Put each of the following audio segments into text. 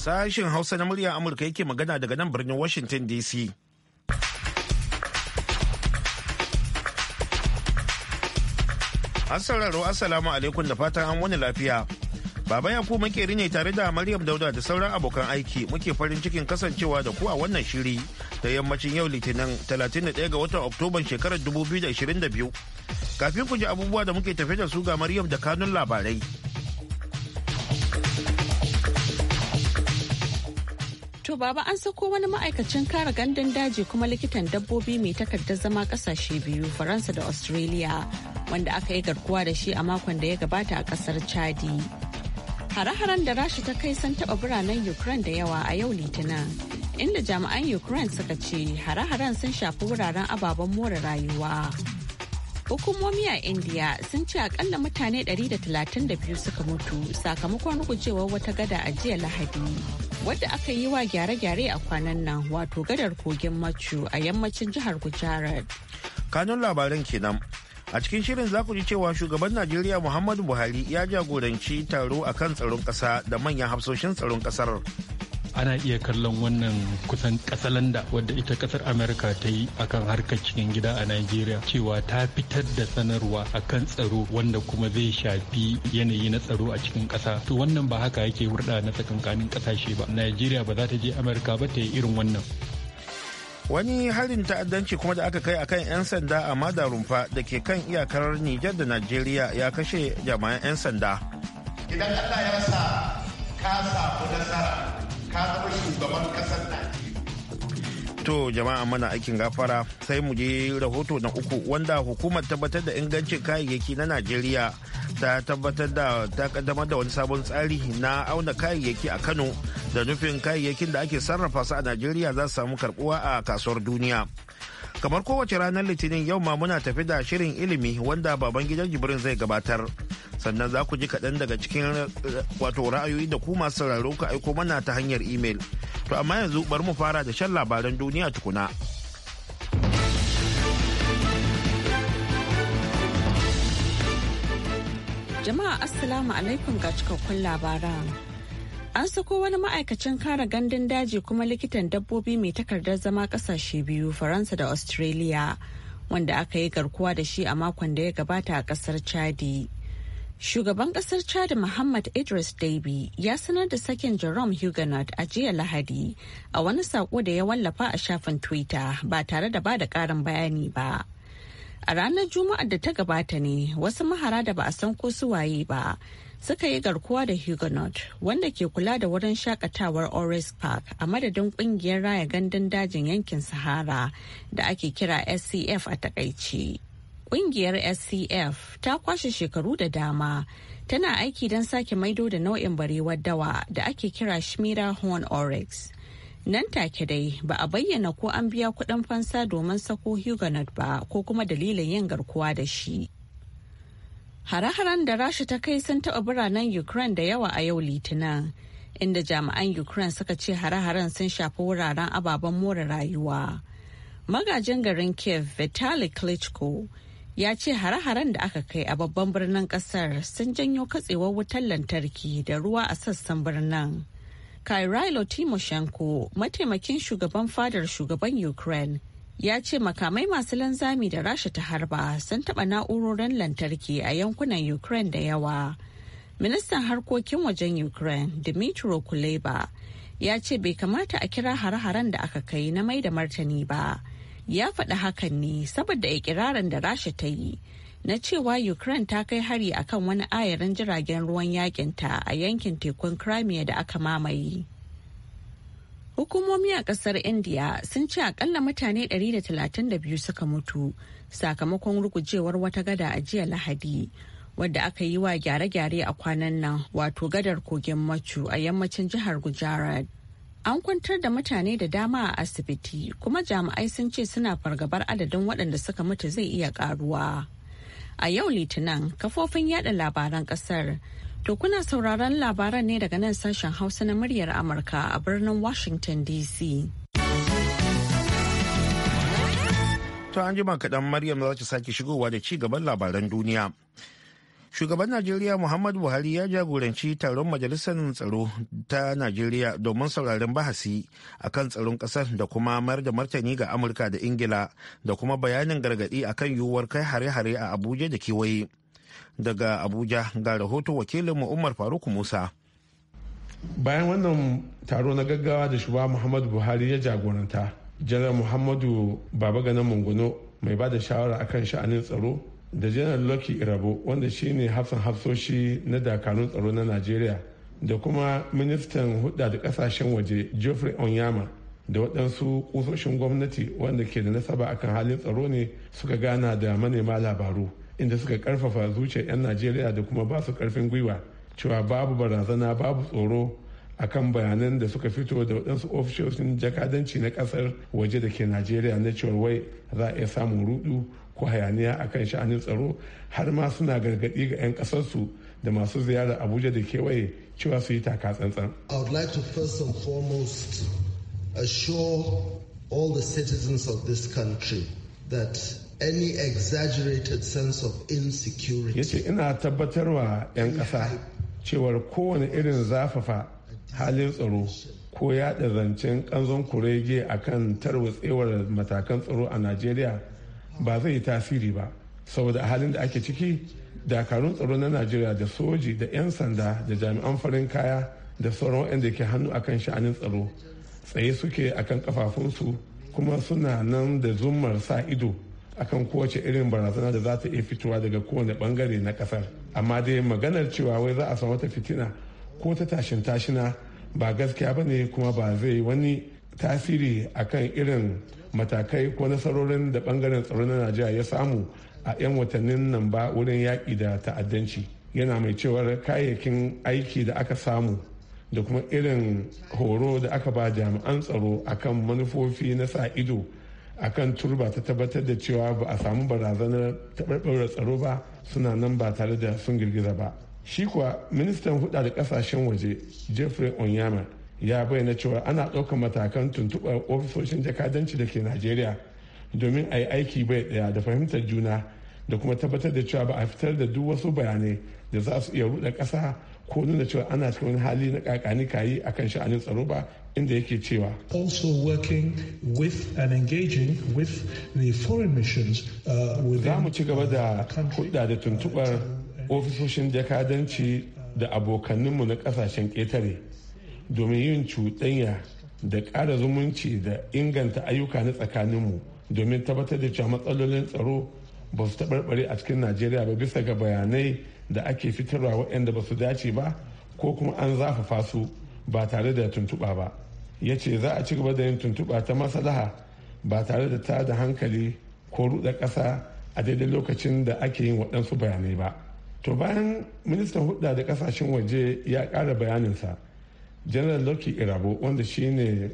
Sashen Hausa na murya Amurka yake magana daga nan birnin Washington DC. An sauraro Assalamu alaikum da fatan an wani lafiya. Baba Yakubu makeri ne tare da Maryam Dauda da sauran abokan aiki muke farin cikin kasancewa da ku a wannan shiri da yammacin yau Litinin 31 ga watan Oktoban shekarar 2022. Kafin ku ji abubuwa da muke tafe da su ga Maryam da kanun labarai. To baba an sako wani ma'aikacin kare gandun daji kuma likitan dabbobi mai takardar zama kasashe biyu Faransa da Australia wanda aka yi garkuwa da shi a makon da ya gabata a kasar Chadi. Hare-haren da rashi ta kai sun taɓa biranen Ukraine da yawa a yau Litinin. Inda jami'an Ukraine suka ce hare-haren sun shafi wuraren ababen more rayuwa. Hukumomi a India sun ce akalla mutane 132 suka mutu sakamakon rugujewar wata gada a jiya Lahadi. wadda aka yi wa gyare-gyare a kwanan nan wato gadar kogin machu a yammacin jihar gujarat kanun labaran kenan a cikin shirin za ku ji cewa shugaban najeriya muhammadu buhari ya jagoranci taro a kan tsaron ƙasa da manyan hafsoshin tsaron ƙasar ana iya kallon wannan kusan katsalanda wadda ita kasar amerika ta yi akan harkar cikin gida a nigeria cewa ta fitar da sanarwa a kan tsaro wanda kuma zai shafi yanayi na tsaro a cikin kasa to wannan ba haka yake hurɗa na tsakankanin kasashe ba nigeria ba za ta je amerika ba ta yi irin wannan wani harin ta'addanci kuma da aka kai a kan 'yan sanda a madarumfa da ke kan iyakar nijar da najeriya ya kashe jama'an 'yan sanda idan allah ya sa ka samu nasara ka zama shugaban kasar To jama'a mana aikin gafara sai mu je rahoto na uku wanda hukumar tabbatar da ingancin kayayyaki na Najeriya ta tabbatar da ta kaddamar da wani sabon tsari na auna kayayyaki a Kano da nufin kayayyakin da ake sarrafa su a Najeriya za su samu karbuwa a kasuwar duniya. Kamar kowace ranar Litinin yau ma muna tafi da shirin ilimi wanda baban gidan Jibrin zai gabatar. sannan za ku ji kaɗan daga cikin eh, wato ra'ayoyi da ku masu sauraro ka aiko mana ta hanyar imel to amma yanzu bari mu fara da shan labaran duniya tukuna jama'a assalamu alaikum ga cikakkun labaran an sako wani ma'aikacin kare gandun daji kuma likitan dabbobi mai takardar zama kasashe biyu faransa da australia wanda aka yi garkuwa da shi a makon da ya gabata a kasar chadi Shugaban kasar Chad Muhammad Idris Deby ya sanar da sakin Jerome Huguenot a jiya Lahadi a wani sako da ya wallafa a shafin Twitter ba tare da ba da karin bayani ba. A ranar Juma'ar da ta gabata ne wasu mahara da ba a san ko su waye ba suka yi garkuwa da Huguenot wanda ke kula da wurin shakatawar Oris Park a madadin kungiyar raya gandun dajin yankin Sahara da ake kira SCF a takaici. Kungiyar SCF ta kwashe shekaru da dama tana aiki don sake maido da nau'in barewar dawa da ake kira Shmira Horn Oryx. Nan take dai ba a bayyana ko an biya kudin fansa domin sako Huguenot ba ko kuma dalilin yin garkuwa da shi. Hare-haren da Rasha ta kai sun taɓa biranen Ukraine da yawa a yau Litinin, inda jami'an Ukraine suka ce hare-haren sun shafi wuraren ababen more rayuwa. Magajin garin Kiev Vitali Klitschko ya ce hare-haren da aka kai a babban birnin kasar sun janyo katsewar wutar lantarki da ruwa a sassan birnin. Kairilo Timoshenko, mataimakin shugaban fadar shugaban Ukraine, ya ce makamai masu lanzami da rasha ta harba sun taɓa na'urorin lantarki a yankunan Ukraine da yawa. Ministan harkokin wajen Ukraine, Dmitry Kuleba, ya ce bai kamata a kira hare-haren da aka kai na mai da martani ba. ya faɗi hakan ne saboda ikirarin da rasha ta yi na cewa ukraine ta kai hari akan wani ayarin jiragen ruwan yakinta a yankin tekun crimea da aka mamaye hukumomi a kasar india sun ce akalla mutane 132 suka mutu sakamakon rugujewar wata gada a jiya lahadi wadda aka yi wa gyare-gyare a kwanan nan wato gadar kogin machu a yammacin jihar gujarat An kwantar da mutane da dama a asibiti kuma jami'ai sun ce suna fargabar adadin waɗanda suka mutu zai iya ƙaruwa. A yau Litinin kafofin yada labaran ƙasar. To kuna sauraron labaran ne daga nan sashen Hausa na muryar Amurka a birnin Washington DC. To an kaɗan Maryam za ta sake shigowa da ci gaban labaran duniya. shugaban najeriya muhammadu buhari ya jagoranci taron majalisar tsaro ta najeriya domin sauraren bahasi akan tsaron kasar da kuma mayar da martani ga amurka da ingila da kuma bayanin gargadi akan yiwuwar kai hare-hare a abuja da kewaye daga abuja ga rahoto wakilin umar faruk musa bayan wannan taro na gaggawa da shugaba muhammadu buhari ya jagoranta janar muhammadu babaganan munguno mai ba da shawara akan sha'anin tsaro da janar lucky irabo wanda shine hafsan hafsoshi na dakarun tsaro na najeriya da kuma ministan hudda da kasashen waje geoffrey onyama da waɗansu ƙusoshin gwamnati wanda ke da nasaba akan halin tsaro ne suka gana da manema labaru inda suka karfafa zuciyar 'yan najeriya da kuma ba su karfin gwiwa cewa babu barazana babu tsoro akan bayanan da suka fito da waɗansu ofishoshin jakadanci na ƙasar waje da ke najeriya na cewar wai za a iya samun rudu ko hayaniya akan sha'anin tsaro har ma suna gargaɗi ga 'yan ƙasarsu da masu ziyara abuja da kewaye cewa su yi taka tsantsan. i would like to first and foremost assure all the citizens of this country that any exaggerated sense of insecurity. Yace ina tabbatarwa 'yan ƙasa cewar kowane irin zafafa halin tsaro ko yada zancen kanzon kurege a kan tarwatsewar matakan tsaro a najeriya ba zai yi tasiri ba saboda halin da ake ciki dakarun tsaro na najeriya da soji da 'yan sanda da jami'an farin kaya da sauran wanda ke hannu akan sha'anin tsaro tsaye suke akan kafafunsu kuma suna nan da zumar sa ido akan kowace irin barazana da za ta iya fitowa daga kowane bangare na kasar amma dai maganar cewa wai za a samu wata fitina ko ta tashin tashina ba gaskiya ba ne kuma ba zai wani tasiri akan irin matakai ko nasarorin da bangaren tsaro na najeriya ya samu a 'yan watannin nan ba wurin yaƙi da ta'addanci yana mai cewar kayayyakin aiki da aka samu da kuma irin horo da aka ba jami'an tsaro akan manufofi na sa ido akan turba ta tabbatar da cewa ba a samu barazanar taɓarɓarar tsaro ba suna nan ba tare da sun girgiza ba shi kuwa ministan hudu da kasashen waje jeffrey onyama ya bayyana cewa ana ɗaukar matakan tuntuɓar ofisoshin jakadanci da ke najeriya domin a yi aiki bai ɗaya da fahimtar juna da kuma tabbatar da cewa ba a fitar da duk wasu bayanai da za su iya ruɗa ƙasa ko nuna cewa ana cikin hali na kakani kayi akan sha'anin tsaro ba inda yake cewa also working with and engaging with the foreign missions uh, za mu ci gaba da hudda da tuntubar ofisoshin jakadanci da abokanninmu na kasashen ƙetare domin yin cuɗanya da ƙara zumunci da inganta ayyuka na tsakaninmu domin tabbatar da cewa matsalolin tsaro ba su taɓarɓare a cikin najeriya ba bisa ga bayanai da ake fitarwa waɗanda ba su dace ba ko kuma an zafafa su ba tare da tuntuɓa ba ya ce za a ci gaba da yin tuntuɓa ta maslaha ba tare da ta da hankali ko ruɗa ƙasa a daidai lokacin da ake yin waɗansu bayanai ba. to bayan ministan hudda da kasashen waje ya kara bayaninsa general loki irabo wanda shine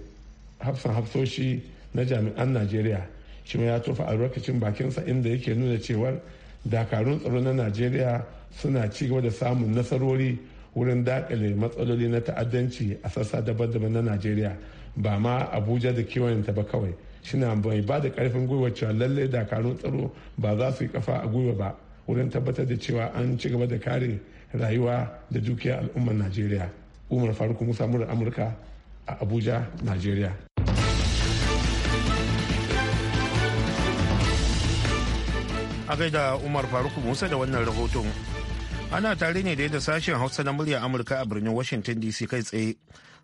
hafsan hafsoshi na jami'an najeriya shi ya tofa albarkacin bakinsa inda yake nuna cewar dakarun tsaro na najeriya suna ci gaba da samun nasarori wurin dakale matsaloli na ta'addanci a sassa daban-daban na najeriya ba ma abuja da kewayenta ba kawai shi na bai ba da karfin gwiwa cewa lallai dakarun tsaro ba za su yi kafa a gwiwa ba wurin tabbatar da cewa an ci gaba da kare rayuwa da dukiya al'ummar najeriya umar faruk musa murar amurka a abuja najeriya a gaida umar faruk musa da wannan rahoton ana tare ne da sashen hausa na murya amurka a birnin washington dc kai tsaye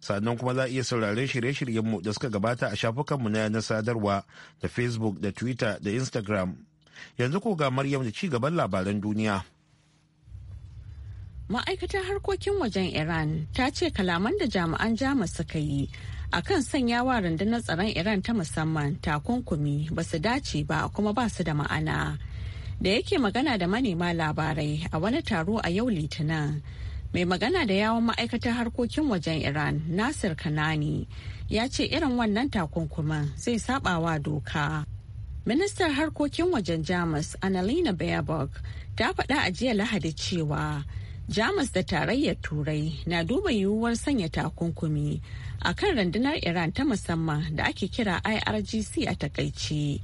sannan kuma za a iya sauraren shirye-shiryenmu da suka gabata a shafukanmu na yanar sadarwa da facebook da twitter da instagram Yanzu ko ga Maryam da ci gaban labaran duniya. Ma'aikatar harkokin wajen Iran ta ce kalaman da jami'an Jamus suka yi a kan wa rundunar tsaron Iran ta musamman takunkumi ba su dace ba kuma ba su da ma'ana. Da yake magana da manema labarai a wani taro a yau Litinin. mai magana da yawon ma'aikatar harkokin wajen iran nasir kanani ya ce irin wannan takunkuman zai sabawa doka Ministar harkokin wajen Jamus Annalena Baerbock ta faɗa a jiya Lahadi cewa Jamus da tarayyar Turai na duba yiwuwar sanya takunkumi a kan rundunar Iran ta musamman da ake kira IRGC a takaice.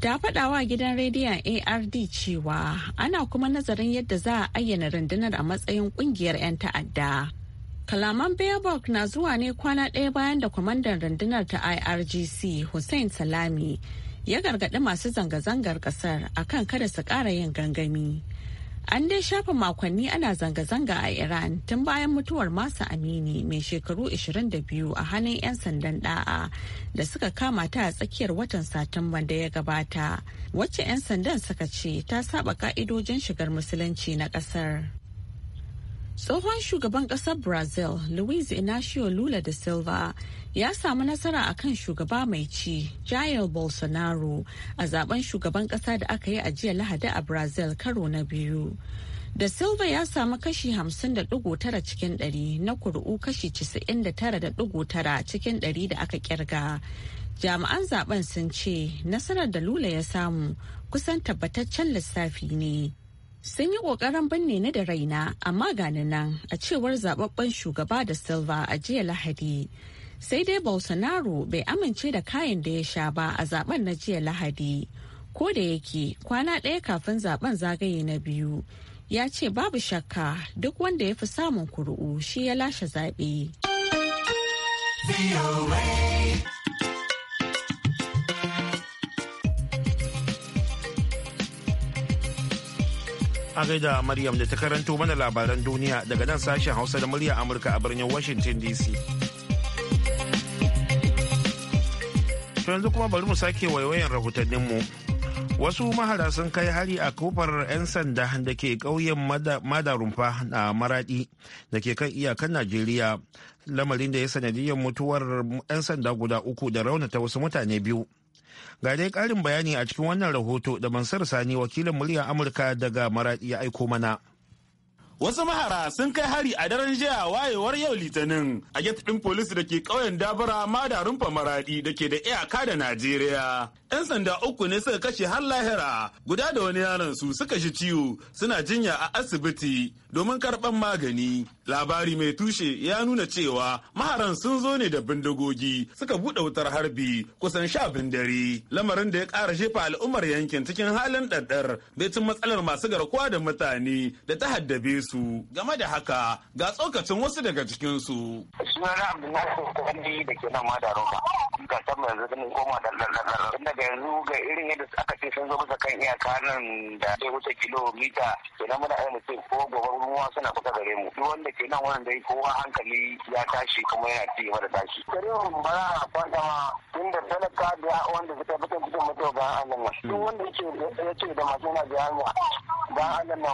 Ta faɗa wa gidan rediyon ARD cewa ana kuma nazarin yadda za a ayyana rundunar a matsayin ƙungiyar 'yan ta'adda. Kalaman Baerbock na zuwa ne kwana ɗaya bayan da kwamandan rundunar ta IRGC Hussein Salami ya gargaɗi masu zanga-zangar ƙasar akan kada su ƙara yin gangami. An dai shafa makonni ana zanga-zanga a Iran tun bayan mutuwar Masa Amini mai shekaru 22 a hannun 'yan sandan da'a da suka kama ta a tsakiyar watan Satumban da ya gabata, wacce 'yan sandan suka ce ta saba ka'idojin shigar musulunci na ƙasar Tsohon shugaban ƙasar Brazil, Luiz Inácio Lula da Silva, ya samu nasara a kan shugaba mai ci, Jair Bolsonaro, a zaben shugaban ƙasa da aka yi a jiya Lahadi a Brazil karo na biyu. Da Silva ya samu kashi 50.9 cikin 100 na kuri'u kashi 99.9 cikin 100 da aka kirga. Jami'an zaben sun ce nasarar da Lula ya samu kusan tabbataccen lissafi ne. sun yi ƙoƙarin binne ni da raina amma gani nan a cewar zababben shugaba da silva a jiya lahadi sai dai bolsonaro bai amince da kayan da ya sha ba a zaben na jiya lahadi ko da yake kwana ɗaya kafin zaben zagaye na biyu ya ce babu shakka duk wanda ya fi samun kuru'u shi ya lashe zaɓe. a gaida Maryam da ta karanto mana labaran duniya daga nan sashen Hausa da murya Amurka a birnin Washington DC. To yanzu kuma bari mu sake waiwayan rahotanninmu. Wasu mahara sun kai hari a kofar 'yan sanda da ke ƙauyen Madarumfa na maraɗi da ke kan iyakan Najeriya, lamarin da ya sanadiyar mutuwar 'yan sanda guda uku da raunata wasu mutane biyu. Ga dai ƙarin bayani a cikin wannan rahoto da Mansur Sani wakilin muryar Amurka daga Maradi ya aiko mana. Wasu mahara sun kai hari a daren jiya wayewar yau litinin a get ɗin polisi da ke ƙauyen Dabara rumfa Famaradi da ke da iyaka da Najeriya. 'Yan sanda uku ne suka kashe har lahira guda da wani yaron su suka shi ciwo suna jinya a asibiti domin karɓar magani. Labari mai tushe ya nuna cewa maharan sun zo ne da bindigogi suka buɗe wutar harbi kusan sha dare. Lamarin da ya ƙara shefa al'ummar yankin cikin halin ɗaɗɗar bai cin matsalar masu garkuwa da mutane da ta haddabe su. su game da haka ga tsokacin wasu daga cikinsu. Sunana Abdullahi Kwandi da ke nan Madaroka. Ga san mai zagin koma da lallalar. Tun daga yanzu ga irin yadda aka ce sun zo masa kan iyaka nan da zai wuce kilomita. Kenan muna ainihin mutum ko gobe ruwa suna kusa gare mu. Duk wanda ke nan wannan dai kowa hankali ya tashi kuma yana ci gaba da tashi. Garin ba a kwanta ma inda talaka da wanda suka fitan fitan mutuwa ba Allah ma. Duk wanda ya ce da masu yana da hanya ba Allah ma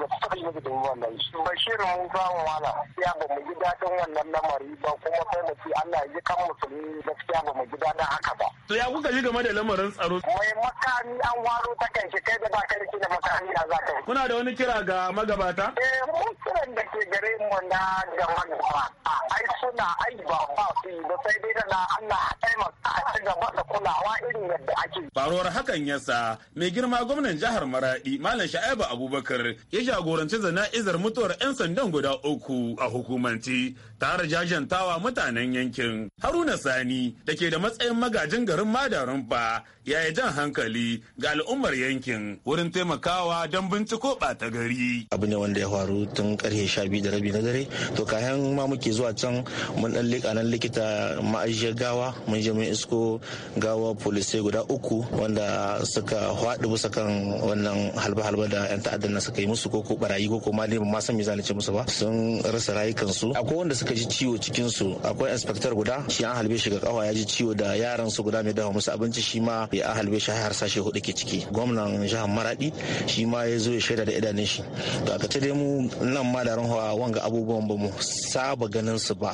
da suka yi masa wannan su bashir mun samu wala ya ba mu ji daɗin wannan lamari ba kuma sai mu ci Allah ya kan musulmi gaskiya ba mu ji daɗin haka ba to ya kuka ji game da lamarin tsaro mai makami an waro ta kai kai da ba da makami na za ka yi kuna da wani kira ga magabata eh mun kiran da ke gare mu na ga magabata ai suna ai ba ba su yi ba sai dai da na Allah ya taimaka a ci gaba da kulawa irin yadda ake faruwar hakan yasa mai girma gwamnan jihar Maradi Malam Sha'ibu Abubakar ya jagoranci zana'iz jana'izar mutuwar 'yan sandan guda uku a hukumanci tare jajantawa mutanen yankin haruna sani da ke da matsayin magajin garin madarin ba ya yi jan hankali ga al'ummar yankin wurin taimakawa don binciko ta gari abu ne wanda ya faru tun karfe sha biyu da rabi na dare to kayan ma muke zuwa can mun dan lika nan likita ma'ajiyar gawa mun je mun isko gawa polisai guda uku wanda suka haɗu bisa kan wannan halba-halba da 'yan ta'addan suka yi musu ko ko barayi ko ko ma ma san me zan ce musu ba sun rasa rayukansu akwai wanda suka suka ji ciwo cikin su akwai inspector guda shi an halbe shi ga kawa ya ji ciwo da yaran su guda mai dafa musu abinci shi ma ya an halbe shi har sashe hudu ke ciki gwamnan jihar maradi shi ma ya zo ya shaida da idanun shi to aka ce dai mu nan ma da ranhawa wanga abubuwan ba mu saba ganin su ba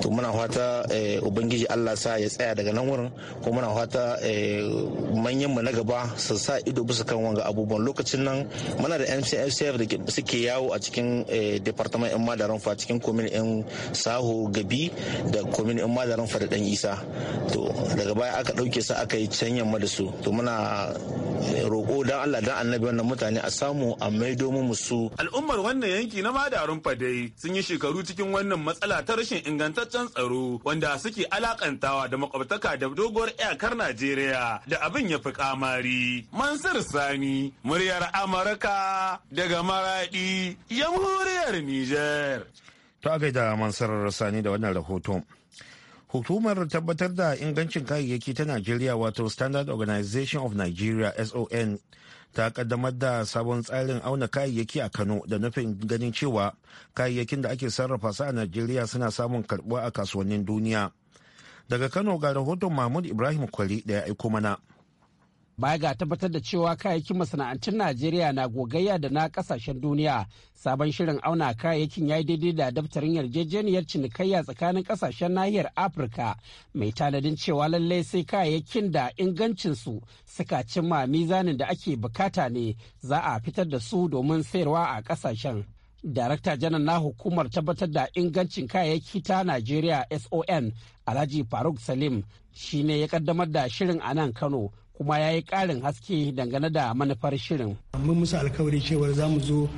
to muna fata eh, ubangiji Allah sa ya tsaya daga nan wurin ko muna fata eh, manyan mu na gaba su sa ido bisa kan wanga abubuwan lokacin nan muna da MCFCF da suke yawo a cikin eh, departament yan madaran fa cikin komin saho gabi da komin in madarin fada dan isa to daga baya aka dauke su aka yi can yamma da su to muna eh, roƙo dan Allah dan annabi wannan mutane a samu a maido mu su al'ummar wannan yanki na madarun fadai sun yi shekaru cikin wannan matsala ta rashin ingantaccen tsaro wanda suke alakantawa da makwabtaka da doguwar iyakar Najeriya da abin ya fi kamari Mansur Sani muryar Amurka daga Maradi jamhuriyar Nijar To a gaida Mansarar Sani da wannan rahoton. Hukumar tabbatar da ingancin kayayyaki ta Najeriya wato Standard Organization of Nigeria SON ta kaddamar da sabon tsarin auna kayayyaki a Kano da nufin ganin cewa kayayyakin da ake sarrafa su a Najeriya suna samun karbuwa a kasuwannin duniya. Daga Kano ga rahoton Mahmud Ibrahim Kwari da ya aiko mana. baya ga tabbatar da cewa kayayyakin masana'antun najeriya na gogayya da na kasashen duniya sabon shirin auna kayayyakin ya yi daidai da daftarin yarjejeniyar cinikayya tsakanin kasashen nahiyar afirka mai tanadin cewa lallai sai kayayyakin da ingancinsu suka cimma mizanin da ake bukata ne za a fitar da su domin sayarwa a kasashen darakta janar na hukumar tabbatar da ingancin kayayyaki ta najeriya son alhaji faruk salim shine ya kaddamar da shirin a nan kano kuma ya yi ƙarin haske dangane da manufar shirin. Mun musu alkawari cewar za mu zo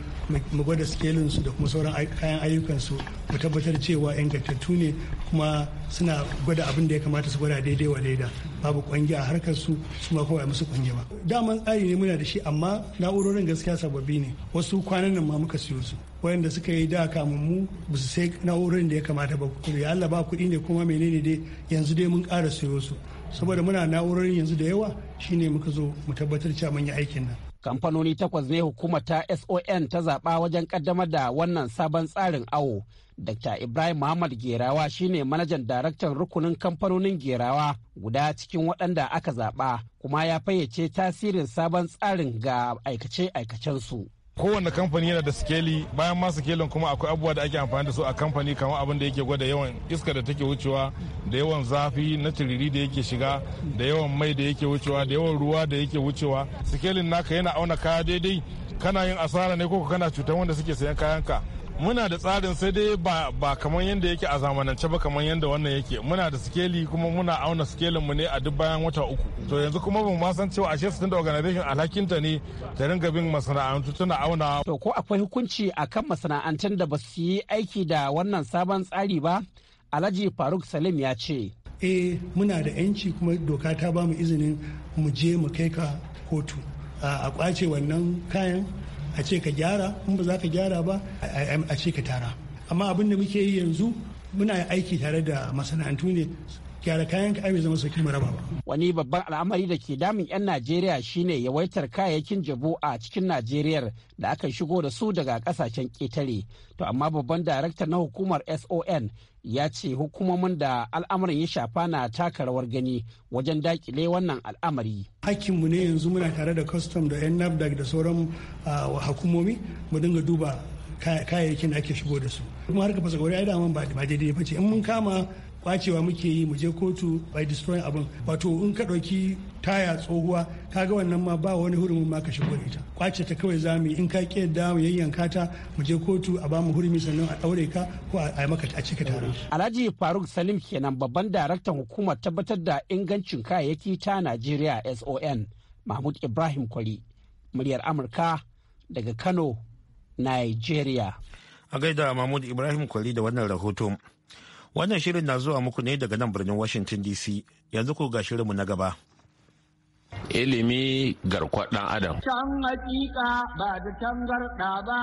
mu gwada su da kuma sauran kayan ayyukan su mu tabbatar cewa ingantattu ne kuma suna gwada abin da ya kamata su gwada daidai wa daida babu kwangi a harkar su su ma kawai musu kwangi ba. Daman tsari ne muna da shi amma na'urorin gaskiya sababbi ne wasu kwanan nan ma muka siyo su. wayanda suka yi da kamun mu ba su sai na'urorin da ya kamata ba ya Allah ba kuɗi ne kuma menene dai yanzu dai mun ƙara siyo su. saboda muna na'urorin yanzu da yawa shine muka zo mu tabbatar cewa mun yi aikin nan kamfanoni takwas ne hukumar ta son ta zaɓa wajen ƙaddamar da wannan sabon tsarin awo dr ibrahim muhammad gerawa shine manajan daraktan rukunin kamfanonin gerawa guda cikin waɗanda aka zaɓa kuma ya fayyace tasirin sabon tsarin ga aikace-aikacensu kowane kamfani yana da sikeli bayan ma sikelin kuma akwai abubuwa da ake amfani da su a kamfani kamar abin da yake gwada yawan iska da take wucewa da yawan zafi na tiriri da yake shiga da yawan mai da yake wucewa da yawan ruwa da yake wucewa sikelin naka yana auna kaya daidai kana yin asara ne ko kana cutar wanda suke sayan kayanka muna da tsarin sai dai ba kamar yadda yake a zamanance ba kamar yadda wannan yake muna da sikeli kuma muna auna sikelin mu ne a duk bayan wata uku to yanzu kuma mu ma san cewa ashe da organization alhakinta ne ta ringa bin masana'antu tana auna to ko akwai hukunci akan masana'antun da ba su yi aiki da wannan sabon tsari ba alhaji faruk salim ya ce eh muna da yanci kuma doka ta ba mu izinin mu je mu kai ka kotu a kwace wannan kayan a ce ka gyara in ba za ka gyara ba a ce ka tara amma abin da muke yi yanzu muna aiki tare da masana'antu ne gyara kayan ka bai zama sauki maraba ba. Wani babban al'amari da ke damun 'yan Najeriya shine yawaitar kayayyakin jabu a cikin Najeriya da aka shigo da su daga kasashen ƙetare. To amma babban darakta na hukumar SON ya ce hukumomin da al'amarin ya shafa na taka rawar gani wajen dakile wannan al'amari. Hakinmu ne yanzu muna tare da custom da 'yan NAFDAC da sauran hukumomi mu dinga duba kayayyakin da ake shigo da su. Kuma harka fasa gauri ai da ba daidai ba ce in mun kama kwacewa muke yi mu je kotu by destroying abin wato in ka ɗauki taya tsohuwa kaga wannan ma ba wani hurumin ma ka shigo da ita kwace ta kawai za mu in ka ki yadda mu yayyanka ta mu je kotu a ba mu hurumi sannan a daure ka ko a maka a cika tare Alhaji Faruk Salim kenan babban daraktan hukumar tabbatar da ingancin kayayyaki ta Najeriya SON Mahmud Ibrahim Kwari muryar Amurka daga Kano Nigeria a gaida Mahmud Ibrahim Kwari da wannan rahoton Wannan shirin na zuwa muku ne daga nan birnin Washington DC. Yanzu ko ga shirinmu na gaba. Ilimi garkwar ɗan Adam. Can hakika ba da tangarɗa ba,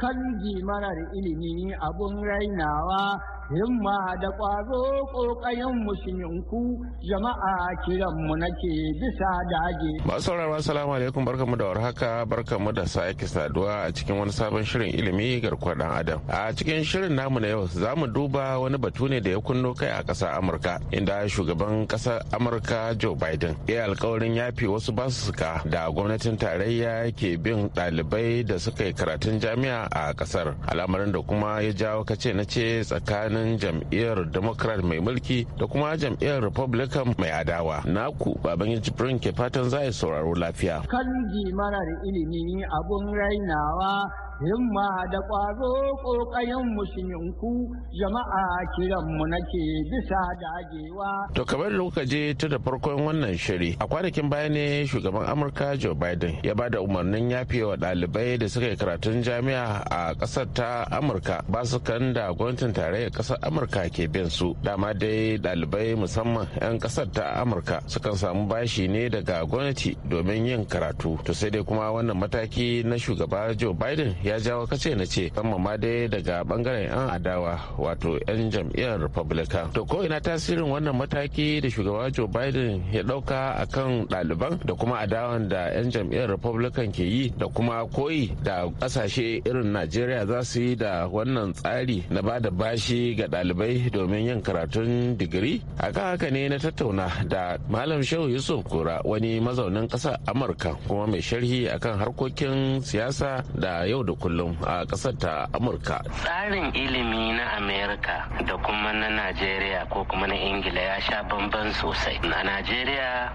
kan marar ilimi abun rainawa himma da ƙwazo ƙoƙayen musulminku jama'a kiranmu nake bisa dage. Masu saurara assalamu alaikum barkamu da warhaka barkamu da sake saduwa a cikin wani sabon shirin ilimi garkuwar dan adam. A cikin shirin namu na yau za mu duba wani batu ne da ya kunno kai a ƙasar Amurka inda shugaban ƙasar Amurka Joe Biden ya alkawarin yafi wasu suka da gwamnatin tarayya ke bin ɗalibai da suka yi karatun jami'a a ƙasar al'amarin da kuma ya jawo kace na ce tsakanin tsakanin jam'iyyar democrat mai mulki da kuma jam'iyyar republican mai adawa naku baban jibrin ke fatan za sauraro lafiya kan mana da ilimi abun rainawa himma da ƙwazo ƙoƙayenmu shiminku jama'a kiranmu nake bisa dagewa. To kamar je tun da farkon wannan shiri a kwanakin baya ne shugaban Amurka Joe Biden ya ba da umarnin yafe wa ɗalibai da suka yi karatun jami'a a ƙasar ta Amurka ba su kan da gwamnatin tarayyar ƙasar Amurka ke bin su dama dai ɗalibai musamman 'yan ƙasar ta Amurka sukan samu bashi ne daga gwamnati domin yin karatu to sai dai kuma wannan mataki na shugaba Joe Biden ya jawo kace na ce amma ma dai daga bangaren 'yan adawa wato 'yan jam'iyyar republican to ko ina tasirin wannan mataki da shugaba joe biden ya dauka akan ɗaliban da kuma adawan da 'yan jam'iyyar republican ke yi da kuma koyi da ƙasashe irin najeriya za su yi da wannan tsari na ba da bashi ga ɗalibai domin yin karatun digiri kan haka ne na tattauna da malam shehu yusuf kura wani mazaunin ƙasar amurka kuma mai sharhi akan harkokin siyasa da yau da kullum a ƙasar ta amurka tsarin ilimi na amerika da kuma na najeriya ko kuma na ingila ya sha bamban sosai a najeriya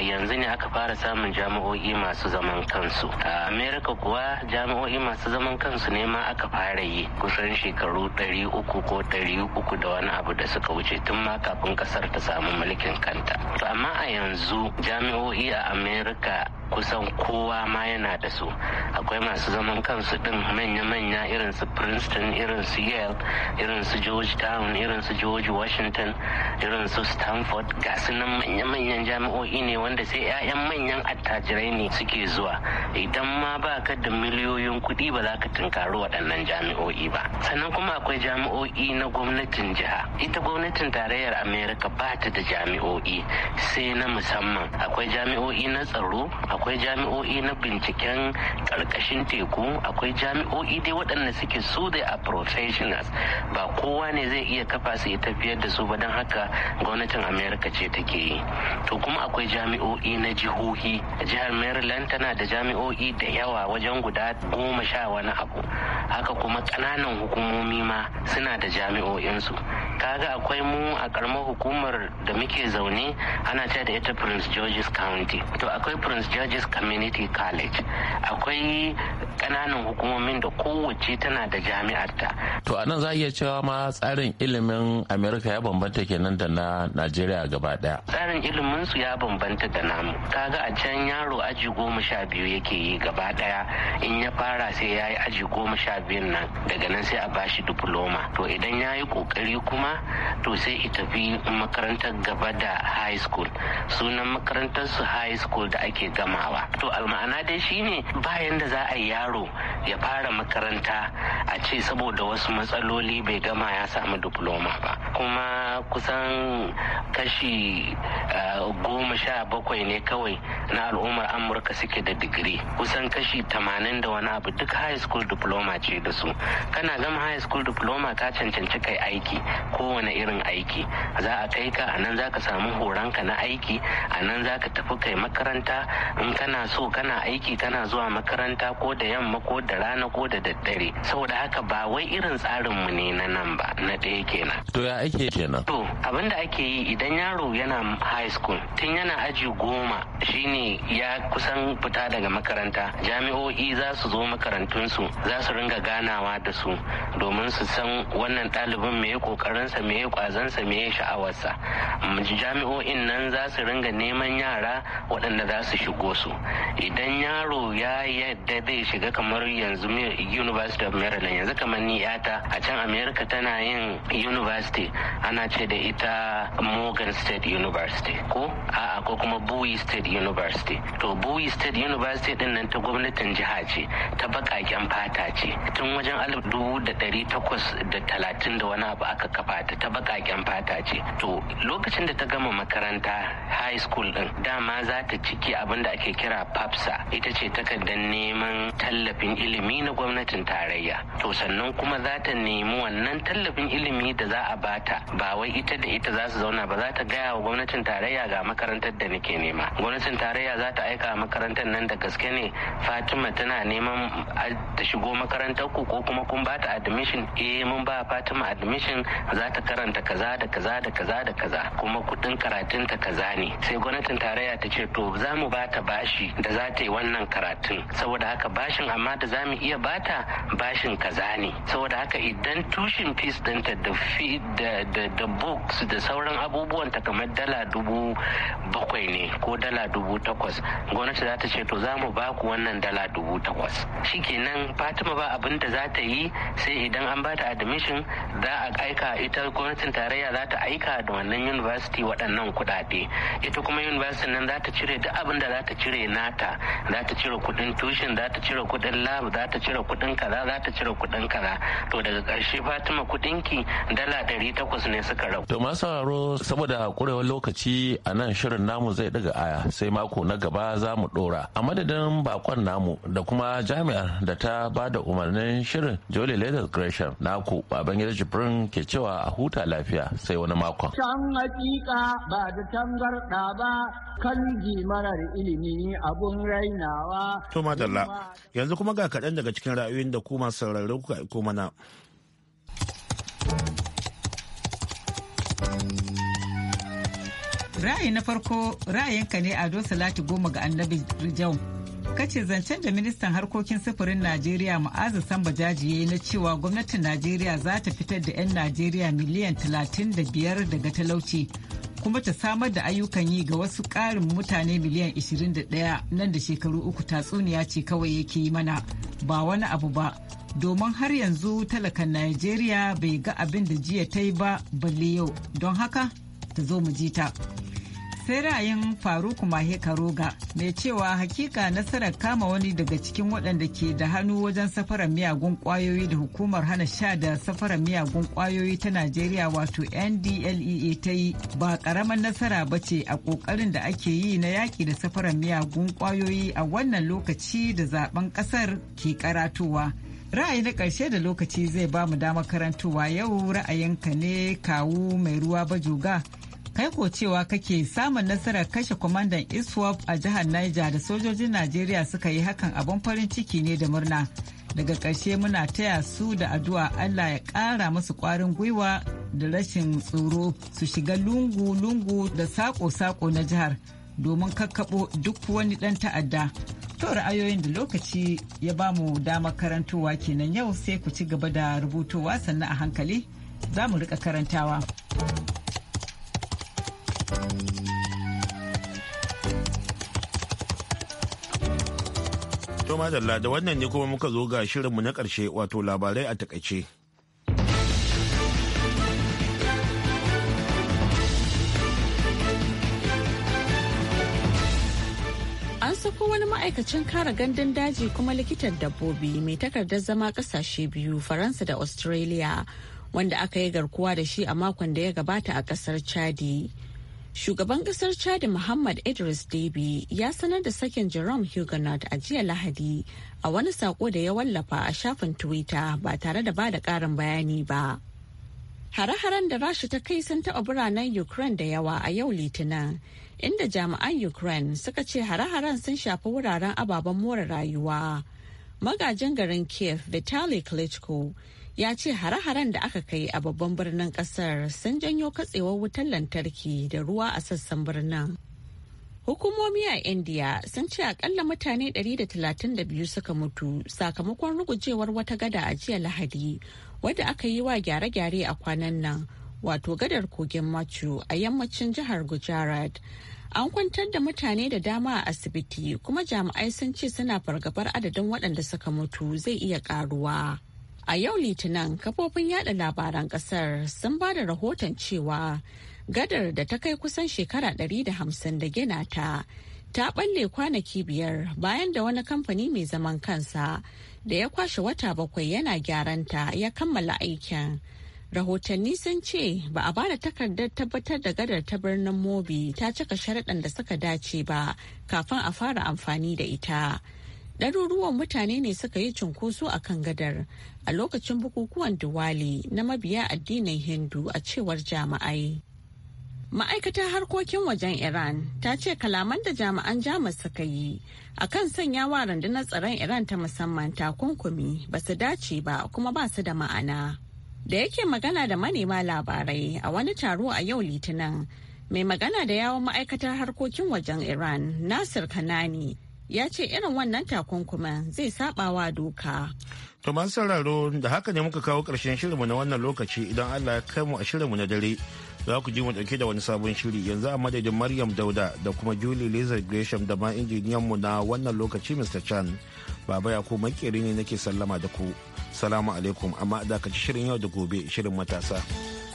yanzu ne aka fara samun jami'o'i masu zaman kansu a amerika kuwa jami'o'i masu zaman kansu ne ma aka fara yi kusan shekaru uku ko uku da wani abu da suka wuce tun ma kafin ƙasar ta samu mulkin kanta amma a yanzu jami'o'i a amerika kusan kowa ma yana da su akwai masu zaman kansu din manya-manya irin su princeton irin su yale irin su georgetown irin su george washington irin su stanford ga nan manya-manyan jami'o'i ne wanda sai 'ya'yan manyan attajirai ne suke zuwa idan ma ba ka da miliyoyin kuɗi ba za ka tunkaru waɗannan jami'o'i ba sannan kuma akwai jami'o'i na gwamnatin jiha ita gwamnatin tarayyar america ba ta da jami'o'i sai na musamman akwai jami'o'i na tsaro akwai jami'o'i na binciken karkashin teku akwai jami'o'i dai waɗanda suke su da a professionals ba kowa ne zai iya kafa su ya tafiyar da su ba don haka gwamnatin america ce take yi to kuma akwai jami'o'i na jihohi jihar maryland tana da jami'o'i da yawa wajen guda goma sha wani abu haka kuma ƙananan hukumomi ma suna da jami'o'insu kaga akwai mu a karamar hukumar da muke zaune ana ce da ita prince george's county to akwai prince george's community college akwai kananan hukumomin da kowace tana da jami'arta. To a nan za a iya cewa ma tsarin ilimin Amerika ya bambanta kenan da na Najeriya gaba ɗaya. Tsarin ilimin su ya bambanta da namu. Kaga a can yaro aji goma sha biyu yake yi gaba ɗaya in ya fara sai ya yi aji goma sha biyun nan daga nan sai a bashi diploma. To idan ya yi ƙoƙari kuma to sai ita tafi makarantar gaba da high school sunan makarantar su high school da ake gamawa. To alma'ana dai shine bayan da za a yi yaro ya fara makaranta a ce saboda wasu matsaloli bai gama ya samu diploma ba kuma kusan kashi goma sha bakwai ne kawai na al'ummar amurka suke da digiri kusan kashi tamanin da wani abu duk high school diploma ce da su kana gama high school diploma ka cancanci kai aiki kowane irin aiki za a kai ka anan nan za ka samu horonka na aiki anan nan za ka tafi kai makaranta in kana so kana aiki kana zuwa makaranta ko da yamma ko da rana ko da daddare saboda haka ba wai irin tsarin mu ne na nan ba na ɗaya kenan to ya ake kenan to abin da ake yi idan yaro yana high school tun yana aji goma shine ya kusan fita daga makaranta jami'o'i za su zo makarantunsu za su ringa ganawa da su domin su san wannan ɗalibin me ya ƙoƙarinsa me ya ƙwazansa me ya sha'awarsa jami'o'in nan za su ringa neman yara waɗanda za su shigo su idan yaro ya yadda zai shiga ga kamar yanzu University of Maryland yanzu kamar ni yata a can America tana yin university ana ce da ita Morgan State University ko a'a ko kuma Bowie State University to Bowie State University din nan ta gwamnatin jiha ce ta bakaken fata ce tun wajen alif dubu da dari takwas da talatin da wani abu aka kafa ta ta bakaken fata ce to lokacin da ta gama makaranta high school din dama za ta ciki abin da ake kira papsa ita ce takardar neman ta tallafin ilimi na gwamnatin tarayya to sannan kuma za ta nemi wannan tallafin ilimi da za a bata ba wai ita da ita za su zauna ba za ta gaya wa gwamnatin tarayya ga makarantar da nake nema gwamnatin tarayya za ta aika makarantar nan da gaske ne fatima tana neman ta shigo makarantar ku ko kuma kun bata admission eh mun ba fatima admission za ta karanta kaza da kaza da kaza da kaza kuma kudin karatun ta kaza ne sai gwamnatin tarayya ta ce to za mu bata bashi da za ta yi wannan karatun saboda haka bashin amma da za mu iya bata bashin kaza ne saboda haka idan tushen fees ɗinta da da books da sauran abubuwan ta kamar dala dubu bakwai ne ko dala dubu takwas gwamnati za ta ce to za mu baku wannan dala dubu takwas shikenan fatima ba abin da za ta yi sai idan an bata admission za a aika ita gwamnatin tarayya za ta aika da wannan university waɗannan kuɗaɗe ita kuma university nan za ta cire duk abin da za ta cire nata za ta cire kuɗin tushen za ta cire kudin lab za ta cire kudin kaza za ta cire kudin kaza to daga karshe fatima kuɗinki dala ɗari takwas ne suka rabu. to masu sauraro saboda ƙurewar lokaci a nan shirin namu zai ɗaga aya sai mako na gaba za mu ɗora a madadin bakon namu da kuma jami'ar da ta ba da umarnin shirin jole leather gresham naku babangida jibrin ke cewa a huta lafiya sai wani makon. can hakika ba da tangarɗa ba kan marar ilimi abun rainawa. to madalla yanzu kuma ga kaɗan daga cikin ra'ayoyin da kuma sauraron kuka aiko mana ra'ayi na farko ra'ayinka ne ado Salati goma ga annabi rijau kace zancen da ministan harkokin sufurin najeriya ma'azu samba jaji ya na cewa gwamnatin najeriya za ta fitar da 'yan najeriya miliyan 35 daga talauci kuma ta samar da ayyukan yi ga wasu ƙarin mutane miliyan 21 nan da shekaru uku tatsuniya ce kawai yake yi mana ba wani abu ba domin har yanzu talakan Najeriya bai ga abin da jiya ta yi ba balle yau don haka ta zo mu ji ta. sai ra'ayin faruk mahe karoga mai cewa hakika nasarar kama wani daga cikin waɗanda ke da hannu wajen safarar miyagun kwayoyi da hukumar hana sha da safarar miyagun kwayoyi ta najeriya wato ndlea ta yi ba ƙaramin nasara ba ce a ƙoƙarin da ake yi na yaki da safarar miyagun kwayoyi a wannan lokaci da zaben ƙasar ke karatowa ra'ayi na ƙarshe da lokaci zai ba mu dama karantowa yau ra'ayinka ne kawu mai ruwa ba bajuga kai ko cewa kake samun nasarar kashe kwamandan iswap a jihar niger da sojojin najeriya suka yi hakan abin farin ciki ne da murna daga ƙarshe muna taya su da addu'a allah ya ƙara musu ƙwarin gwiwa da rashin tsoro su shiga lungu-lungu da sako-sako na jihar domin kakkaɓo duk wani ɗan ta'adda to ra'ayoyin da lokaci ya ba mu dama karantowa kenan yau sai ku ci gaba da rubutowa sannan a hankali za mu rika karantawa. To madalla da wannan ne kuma muka zo ga shirinmu na ƙarshe wato labarai a takaice. An sako wani ma'aikacin kare gandun daji kuma likitan dabbobi mai takardar zama kasashe biyu Faransa da Australia wanda aka yi garkuwa da shi a makon da ya gabata a kasar Chadi. Shugaban kasar Chad Muhammad Idris Deby ya sanar da sakin Jerome Huguenot a jiya Lahadi a wani sako da ya wallafa a shafin Twitter ba tare da bada karin bayani ba. Hare-haren da Rasha ta kai sun taɓa biranen Ukraine da yawa a yau Litinin, inda jami'an Ukraine suka ce hare-haren sun shafi wuraren ababen more rayuwa. Magajin garin Kiev Vitaly Klitschko ya ce hare-haren da aka kai a babban birnin kasar sun janyo katsewar wutar lantarki da ruwa a sassan birnin. Hukumomi a India sun ce akalla mutane 132 suka mutu sakamakon rugujewar wata gada a jiya Lahadi wadda aka yi wa gyare-gyare a kwanan nan wato gadar kogin Machu a yammacin jihar Gujarat. An kwantar da mutane da dama a asibiti kuma jami'ai sun ce suna fargabar adadin waɗanda suka mutu zai iya ƙaruwa. A yau Litinin kafofin yada labaran kasar sun ba da rahoton cewa gadar da ta kai kusan shekara 150 da gina ta ta balle kwanaki biyar bayan da wani kamfani mai zaman kansa da ya kwashe wata bakwai yana gyaran ta ya kammala aikin. rahotanni sun ce ba a bada takardar tabbatar da gadar ta birnin mobi ta cika sharaɗan da suka dace ba kafin a fara amfani da ita ɗaruruwan mutane ne suka yi cunkoso a kan gadar a lokacin bukukuwan Diwali na mabiya addinin Hindu a cewar jami'ai. Ma'aikatar harkokin wajen Iran ta ce kalaman da jami'an Jamus suka yi a kan sanya wa rundunar tsaron Iran ta musamman takunkumi ba su dace ba kuma ba su da ma'ana. Da yake magana da manema labarai a wani taro a yau Litinin, mai magana da yawon ma'aikatar harkokin wajen Iran Nasir Kanani ya ce irin wannan takunkuma zai sabawa doka. To masu sauraro da haka ne muka kawo ƙarshen shirinmu na wannan lokaci idan Allah ya kai mu a shirinmu na dare za ku ji mu ɗauke da wani sabon shiri yanzu a madadin Maryam Dauda da kuma Julie Lizard Gresham da ma injiniyan mu na wannan lokaci Mr. Chan. Baba ya ko makeri ne nake sallama da ku. Salamu alaikum amma da ka shirin yau da gobe shirin matasa.